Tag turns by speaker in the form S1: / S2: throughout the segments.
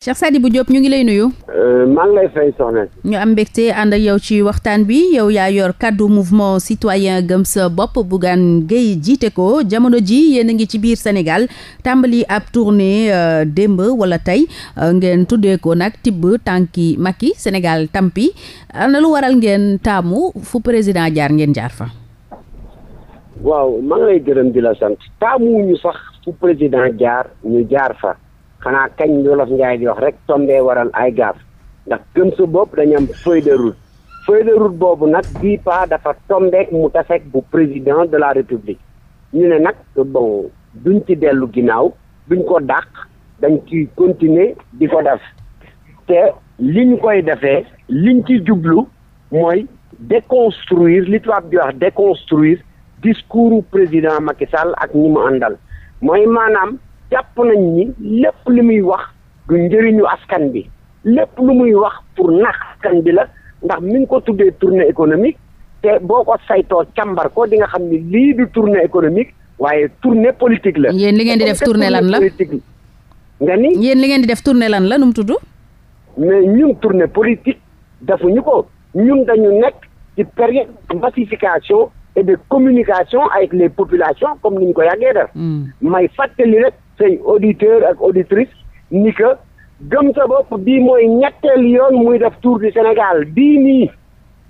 S1: Cheikh bu Diop ñu ngi lay nuyu.
S2: Euh, maa ngi lay fay
S1: ñu am mbégte ànd ak yow ci waxtaan bi yow yaa yor kaddu mouvement citoyen gëm sa bopp Bougane Gueye jiite ko jamono ji yéen a ngi ci biir Sénégal tàmbali ab tournée euh, démb wala tey euh, ngeen tuddee ko nag tibb tànki Macky Sénégal tampi na lu waral ngeen taamu fu président jaar ngeen jaar fa.
S2: waaw maa lay gërëm di la sant taamu ñu sax fu président jaar ñu jaar fa. xanaa kañ Wolof Njaay di wax rek tombee waral ay gaaf ndax gëm su bopp dañu am feuille de route boobu nag bii pas dafa tombeek mu taseek bu président de la république ñu ne nag bon duñ ci dellu ginnaaw duñ ko dàq dañ ci continuer di ko def te li ñu koy defee liñ ci jublu mooy déconstruire li tubaab bi wax déconstruire discours président Macky Sall ak ñi mu àndal mooy maanaam jàpp nañ ni lépp lu muy wax du njëriñu askan bi lépp lu muy wax pour nax askan bi la ndax mi ko tuddee tournée économique te boo ko saytoo càmbar ko nga xam ni lii du tournée économique waaye tournée politique la. yéen li ngeen di def tournée lan la politique
S1: nga ni. yéen li ngeen def tournée lan
S2: la nu mu tudd. mais ñun tournée politique defuñu ko ñun dañu nekk ci période de massification et de communication avec les populations comme ni ñu ko yàggee def. Hmm. may fàttali rek. say auditeur ak auditrice ni que gëm sa bopp bii mooy ñetteel yoon muy def tour du Sénégal bii nii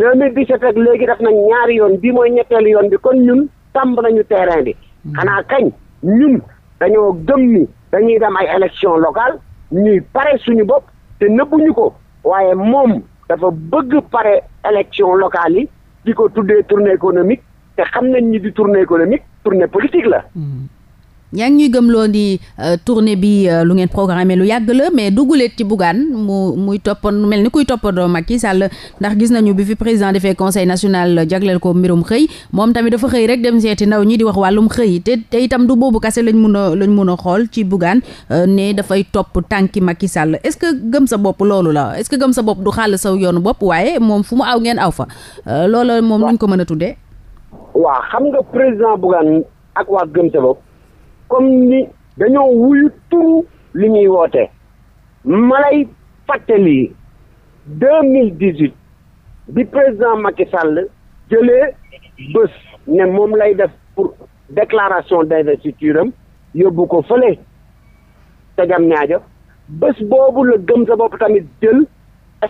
S2: 2017 ak léegi def nañ ñaari yoon bii mooy ñetteel yoon bi kon ñun tàmb nañu terrain bi hmm. xanaa kañ ñun dañoo gëm ni dañuy dem ay élection locale ñuy pare suñu bopp te nëbbuñu ko waaye moom dafa bëgg pare élection locale yi di ko tuddee tournée économique te xam nañ ni di tournée économique tournée politique la hmm.
S1: yaa ngi gëm gëmloo ni euh, tournée bi euh, lu ngeen programmé lu yàgg la mais duguleet ci Bougane mu muy toppan mel ni kuy toppandoo Macky Sall ndax gis nañu bi fi président defee conseil national jagleel ko mbirum xëy moom tamit dafa xëy rek dem seeti ndaw ñi di wax wàllum xëy te te itam du boobu kase lañ mun a lañ mun a xool ci Bougane euh, ne dafay topp tànki ki Sall est-ce que gëm sa bopp loolu la est-ce que gëm sa bopp du xàll saw yoonu bopp waaye moom fu mu aw ngeen aw fa loola moom luñ ko mën a tuddee.
S2: waaw xam nga président comme ni dañoo wuyu turu li ñuy woote malay fàttali deux mille dix huit bi président Macky Sall jëlee bés ne moom lay def pour déclaration d'investiture am yóbbu ko fële te jam ñaajo bés boobu la gëm sa bopp tamit jël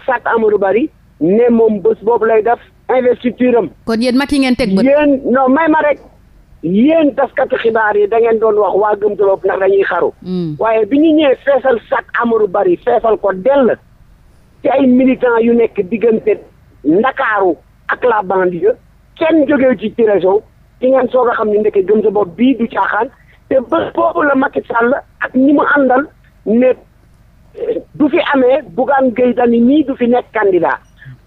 S2: sat Amadou Bari ne moom bés boobu lay def investiture am kon yéen Macky ngeen teg bët yéen non may ma rek yéen taskatu xibaar yi da ngeen doon wax waa gëm sa bopp ndax dañuy xaru. Mm. waaye bi ñu ñëwee feesal sac Amadou Bari feesal ko dell ci ay militants yu nekk diggante ndakaaru ak la banlieue kenn jógewu ci ci région ki ngeen soog a xam ne ndeke gëm sa bopp bii du caaxaan te bés boobu la Macky Sall ak ñi mu àndal ne eh, du fi amee Bougane Gueye Dany nii du fi nekk candidat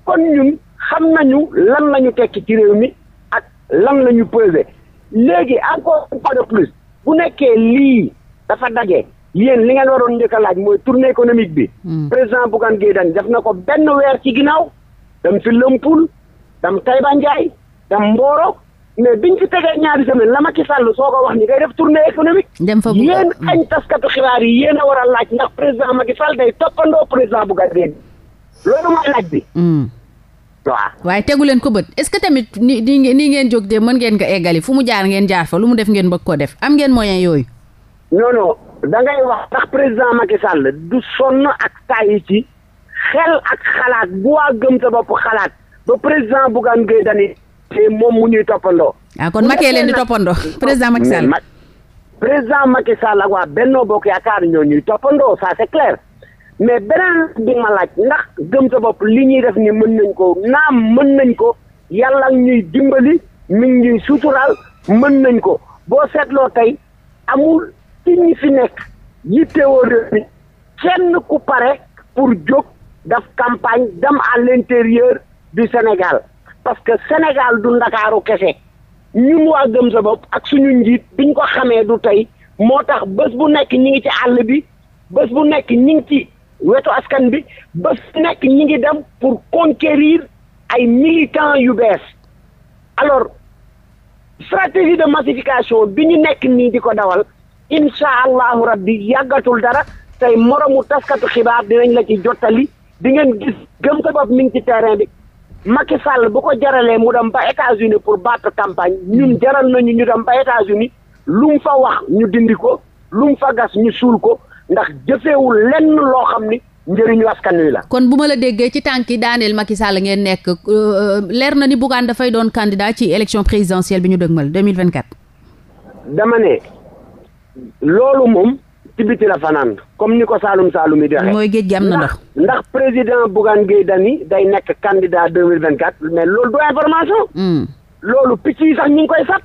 S2: kon ñun xam nañu lan lañu tekki ci réew mi ak lan lañu pesé léegi encore une de plus bu nekkee lii dafa daje yéen li ngeen waroon njëkk a laaj mooy tournée économique bi. Hmm. président Bougane Gueye Dany def na ko benn weer ci ginnaaw dem fi Lompoul dem Taïba Ndiaye dem Mboro bi ñu fi tegee ñaari semaine la ki Sall soo ko wax ni ngay def tournée économique. dem fa yéen añ taskatu xibaar yi yéen a war a laaj ndax président ma Macky Sall day toppandoo président Bougane Gueye loolu mooy laaj bi. Hmm. waaw waaye tegu
S1: leen ko bët ce que tamit ni nii ngeen jóg de mën ngeen ko eggali fu mu jaar ngeen jaar fa lu mu def ngeen bëgg ko def
S2: am ngeen moyen yooyu. non non da ngay wax ndax président Macky Sall du sonn ak tàyyi ci xel ak xalaat bu waa gëm sa bopp xalaat ba président Bougane Gueye Dany te moom mu ñuy toppandoo. ah kon Macky leen di toppandoo président Macky Sall. président Macky Sall ak waa bennoo Bokk Yaakaar ñoo ñuy toppandoo saa c'est clair. mais beneen bi ma laaj ndax gëm sa bopp li ñuy def ni mën nañ ko naam mën nañ ko yàlla ñuy dimbali mu ngi ñuy mën nañ ko boo seetloo tey amul ci ñi fi nekk yittewoo réew mi kenn ku pare pour jóg daf campagne dem à l'intérieur du Sénégal parce que Sénégal du ndakaaru kese ñun waa gëm sa bopp ak suñu njiit biñ ko xamee du tey moo tax bés bu nekk ñi ngi ci àll bi bés bu nekk ñi ngi ci wetu askan bi ba fi nekk ñi ngi dem pour conquérir ay militants yu bees alors stratégie de massification bi ñu nekk nii di ko dawal incha allahu rabbi yàggatul dara tey moromu taskatu xibaar dinañ la ci jottali di ngeen gis gëm ko mi ngi ci terrain bi ma ki sàll bu ko jaralee mu dem ba États-Unis pour battre campagne ñun jaral nañu ñu dem ba États-Unis lu mu fa wax ñu dindi ko lu mu fa gas ñu suul ko ndax jëfeewul lenn loo xam ni njëriñu askan wi la.
S1: kon bu ma la déggee ci tànk yi daaneel Macky Sall ngeen nekk euh, euh, leer na ni Bougane dafay doon candidat ci élection présidentielle bi ñu dëgmal 2024.
S2: dama ne loolu moom. ci biti la fanaan comme ni ko Saalum Saalum yi di waxee. mooy géej gi am na ndox ndax président Bougane da Dany day nekk candidat 2024 mais loolu du information. Hmm. loolu picc yi sax ñu ngi koy fat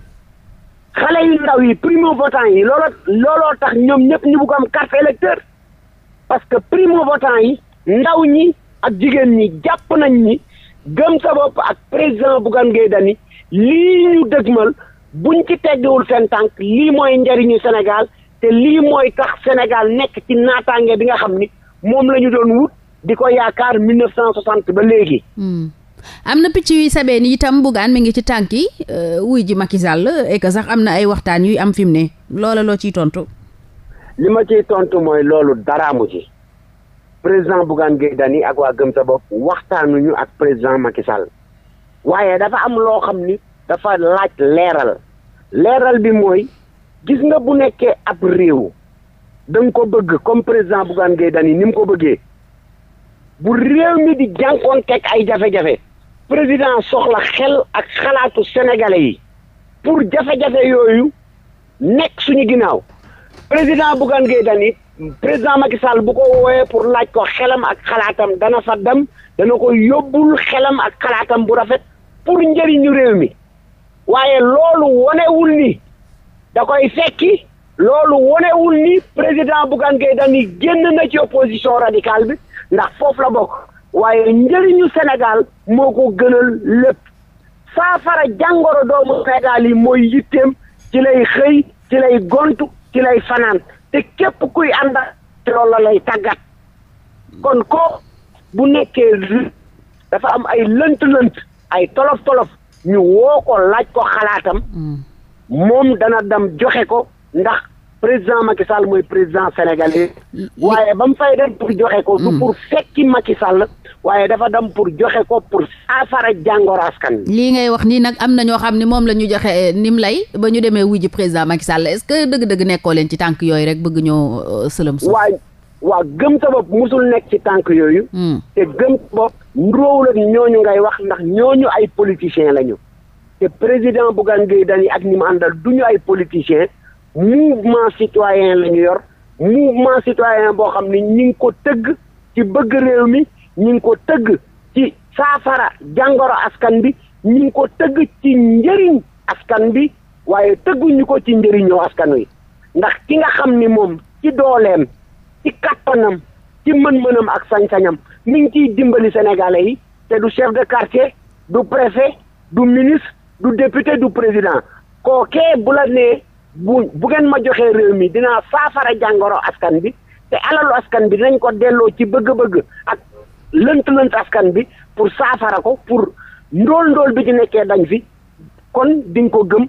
S2: xale yu ndaw yi primo votant yi looloo looloo tax ñoom ñëpp ñu bugg am carte électeur parce que primo votant yi ndaw ñi ak jigéen ñi jàpp nañ ni gëm sa bopp ak président Bougane Gueye Dany lii ñu dëgmal buñ ci teggiwul seen tànk lii mooy njariñu Sénégal te lii mooy tax Sénégal nekk ci naataange bi nga xam ni moom la ñu doon wut di ko yaakaar cent 1960 ba léegi. Hmm. am na picc yuy
S1: sabee ni itam Bougane mi ngi ci tànk yi euh, wuy ji Macky Sall et sax am na ay waxtaan yuy am fi ne loola loo ciy tontu.
S2: li ma ciy tontu mooy loolu daraamu ci président Bougane Gueye Dany ak waa Gëm sa bopp waxtaanuñu ak président Macky Sall waaye dafa am loo xam ni dafa laaj leeral leeral bi mooy gis nga bu nekkee ab réew da ko bëgg comme président Bougane Gueye Dany ni mu ko bëggee bu réew mi di jànkoonteeg ay jafe-jafe président soxla xel ak xalaatu sénégalais yi pour jafe-jafe yooyu nekk suñu ginnaaw président Bougane Gueye dani président Macky Sall bu ko wooyee pour laaj ko xelam ak xalaatam dana fa dem dana ko yóbbul xelam ak xalaatam bu rafet pour njëriñu réew mi waaye loolu wonewul ni da koy fekki loolu wonewul ni président Bougane Gueye Dany génn na ci opposition radicale bi ndax foofu la bokk waaye njëriñu Sénégal moo ko gënal lépp saafara jàngoro doomu Sénégal yi mooy yitteem ci lay xëy ci lay gontu ci lay fanaan te képp kuy ànd ci loolu la lay tàggat kon ko bu nekkee dafa am ay lënt-lënt ay tolof-tolof ñu woo ko laaj ko xalaatam mm. moom dana dem joxe ko ndax président Macky Sall mooy président sénégalais waaye ba mu fay dem pour joxe ko. du mm. pour fekki Macky Sall. waaye dafa dem pour joxe ko pour saafara jàngoro askan
S1: lii ngay wax nii nag am na ñoo xam ne moom la ñu joxe eh, nim lay ba ñu demee wuji président Macky Sall est-ce que dëgg-dëgg nekkoo leen ci tànk yooyu rek bëgg ñoo euh, sëlëm suuf. waa
S2: waaw gëm sa bopp musul nekk ci tànk yooyu. Mm. te gëm sa bopp ndoowul ak ñooñu ngay wax ndax ñooñu ay politiciens lañu. te président Bougane Gueye ak ñi mu àndal du ñu ay politiciens. mouvement citoyen la ñu yor mouvement citoyen boo xam ne ñi ngi ko tëgg ci bëgg réew mi ñi ngi ko tëgg ci saafara jàngoro askan bi ñi ngi ko tëgg ci njëriñ askan bi waaye tëgguñu ko ci njëriñoo askan wi ndax ki nga xam ni moom ci dooleem ci kàttanam ci mën-mënam ak sañ-sañam mi ngi ciy dimbali sénégalais yi te du chef de quartier du préfet du ministre du député du président kookee bu la nee bu bu ngeen ma joxee réew mi dinaa saafara jàngoro askan bi te alalu askan bi dinañ ko delloo ci bëgg-bëgg ak lënt-lënt askan bi pour saafara ko pour ndóol ndool bi ci nekkee dañ fi kon di ko gëm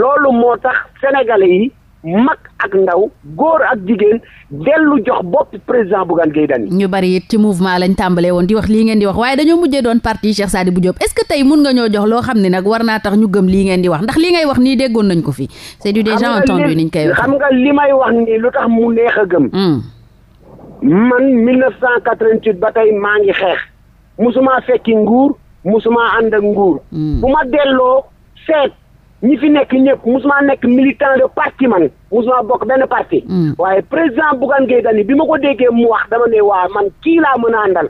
S2: loolu moo tax sénégalais yi. mag ak ndaw góor ak jigéen dellu jox bopp président Bougane Gueye Dany ñu
S1: bari it ci mouvement lañ tàmbalee woon di wax lii ngeen di wax waaye dañoo mujjee doon parti Cheikh Sadibou Diop est-ce tey mun nga ñoo jox loo xam ne nag war naa tax ñu gëm lii ngeen di wax ndax lii ngay wax nii déggoon nañ ko fi c'est du déjà entendu niñ koy wax xam
S2: nga li may wax nii lu tax mu neex a gëm hmm. man ba tey maa ngi xeex musuma fekki nguur musuma ànd ak nguur hmm. ñi fi nekk ñëpp musuma nekk militant de parti man musuma bokk benn parti. Hmm. waaye président Bougane Gueye dani bi ma ko déggee mu wax dama ne waa man kii laa mën a àndal.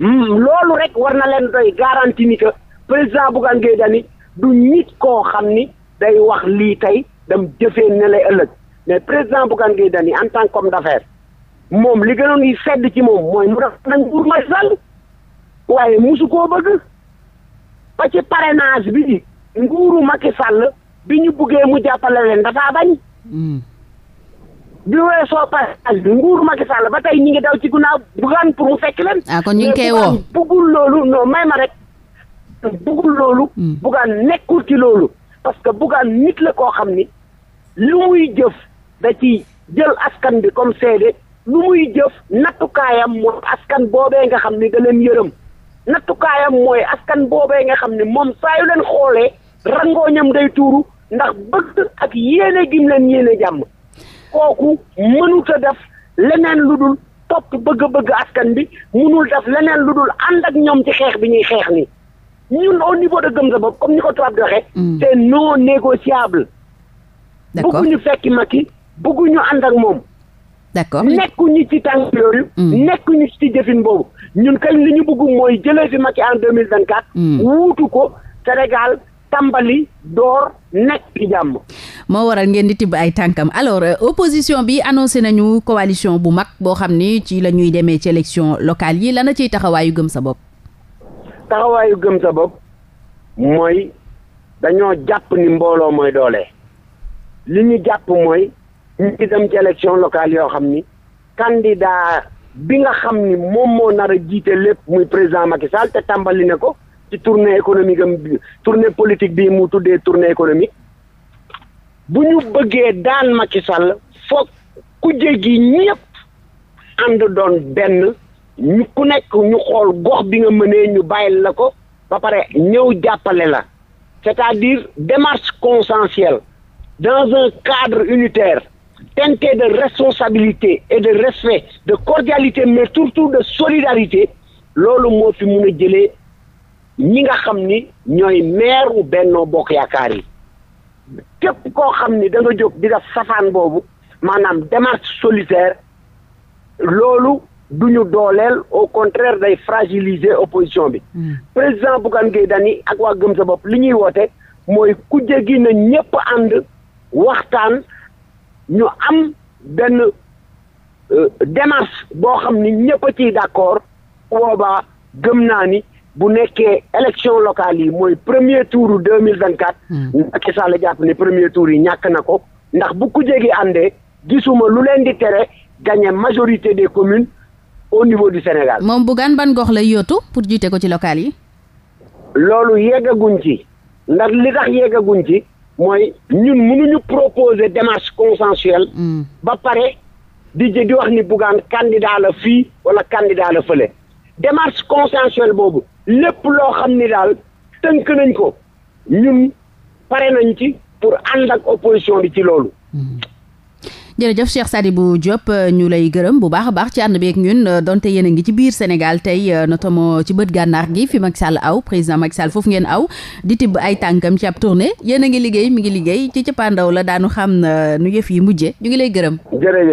S2: Hmm, loolu rek war na leen doy garantie ni que président Bougane Gueye dani du nit koo xam ni day wax lii tey dam jëfee ne lay ëllëg mais président Bougane Gueye dani en tant qu'homme d'affaires moom li gën a yi sedd ci moom mooy mu def nañ nguur Macky Sall waaye musu koo bëgg ba ci parrainage bi nguuru Macky sàll bi ñu buggee mu jàppale leen dafaa bañ. Mm. bi weesoo passage bi nguuru Macky Sall ba tey ñu ngi daw ci ginnaaw bugaan pour mu fekk leen. ah kon ñu ngi koy buggul loolu non may ma rek. buggul loolu. Mm. bugaan nekkul ci loolu. parce que bugaan nit la koo xam ni lu muy jëf da ci jël askan bi comme seede lu muy jëf nattukaayam mooy askan boobee nga xam ni da leen yërëm nattukaayam mooy askan boobee nga xam ni moom saa yu leen xoolee. rangooñam day tuuru ndax bëgg ak yéene gim leen yéene jàmm kooku mënut def leneen lu dul topp bëgg-bëgg askan bi mënul def leneen lu dul ànd ak ñoom ci xeex bi ñuy xeex nii ñun au de gëm sa bopp comme ni ko tubaab di waxee. Mm. c'est non négociable. d'accord bëgguñu fekki Macky bëgguñu ànd ak moom. d'accord nekkuñu ci tànk yooyu. Mm. nekkuñu ci jëfin boobu ñun kañ li ñu bëgg mooy jëlee fi Macky en deux mille vingt quatre. Mm. wuutu ko Sénégal. tàmbali door nekk ci jàmm.
S1: moo waral ngeen di tibb ay tànkam alors euh, opposition bi annoncé nañu coalition bu mag boo xam ni ci la ñuy demee ci élection locale yi lana ciy taxawaayu gëm sa bopp.
S2: taxawaayu gëm sa bopp mooy dañoo jàpp ni mbooloo mooy doole li ñu jàpp mooy ñu ngi dem ci élection locale yoo xam ni candidat bi nga xam ni moom moo nar a jiite lépp muy président Macky Sall te tàmbali ne ko. ci tournée économique am bi tournée politique bi mu tuddee tournée économique bu ñu bëggee daan Macky Sall foog ku jéggi ñëpp ànd doon benn ñu ku nekk ñu xool gox bi nga mënee ñu bàyyil la ko ba pare ñëw jàppale la c'est-à-dire démarche consensuelle dans un cadre unitaire teinté de responsabilité et de respect de cordialité mais surtout de solidarité loolu moo fi mun a jëlee ñi nga xam ni ñooy meeru Benno Bokk Yaakaar yi képp koo xam ni danga nga jóg di def safaan boobu maanaam démarche solitaire loolu duñu dooleel au contraire day fragiliser opposition bi. Hmm. président Bougane Gueye Dany ak waa Gëm sa bopp li ñuy woote mooy ku jéggi na ñëpp ànd waxtaan ñu am benn euh, démarche boo xam ni ñëpp a ciy d'accord boobaa gëm naa ni. bu nekkee élection locale yi mooy premier tour deux mille vingt quatre. Hmm. Macky Sall jàpp premier tour yi ñàkk na ko ndax bu ku jéggi àndee gisuma lu leen di tere gagné majorité des communes au niveau du Sénégal.
S1: moom Bougane ban gox lay yootu pour jiite ko ci locale yi.
S2: loolu yeggaguñ ci ndax li tax yeggaguñ ci mooy ñun mënuñu proposer démarche consensuelle. Hmm. ba pare di di wax ni Bougane candidat la fii wala candidat la fële. démarche consensuelle boobu lépp loo xam ni daal tënk nañ ko ñun pare nañ ci pour ànd ak opposition bi ci loolu.
S1: jërëjëf Cheikh Sadibou Diop euh, ñu lay gërëm bu baax a baax ci ànd beeg ñun euh, donte yéen a ngi ci biir Sénégal tey euh, notamment ci bët gànnaar gi fi Macky Sall aw président Macky Sall foofu ngeen aw di tibb ay tànkam ci ab tournée yéen a ngi liggéey mi ngi liggéey ci cappaandaw la daanu xam nu yëf yi mujjee ñu ngi lay
S2: gërëm.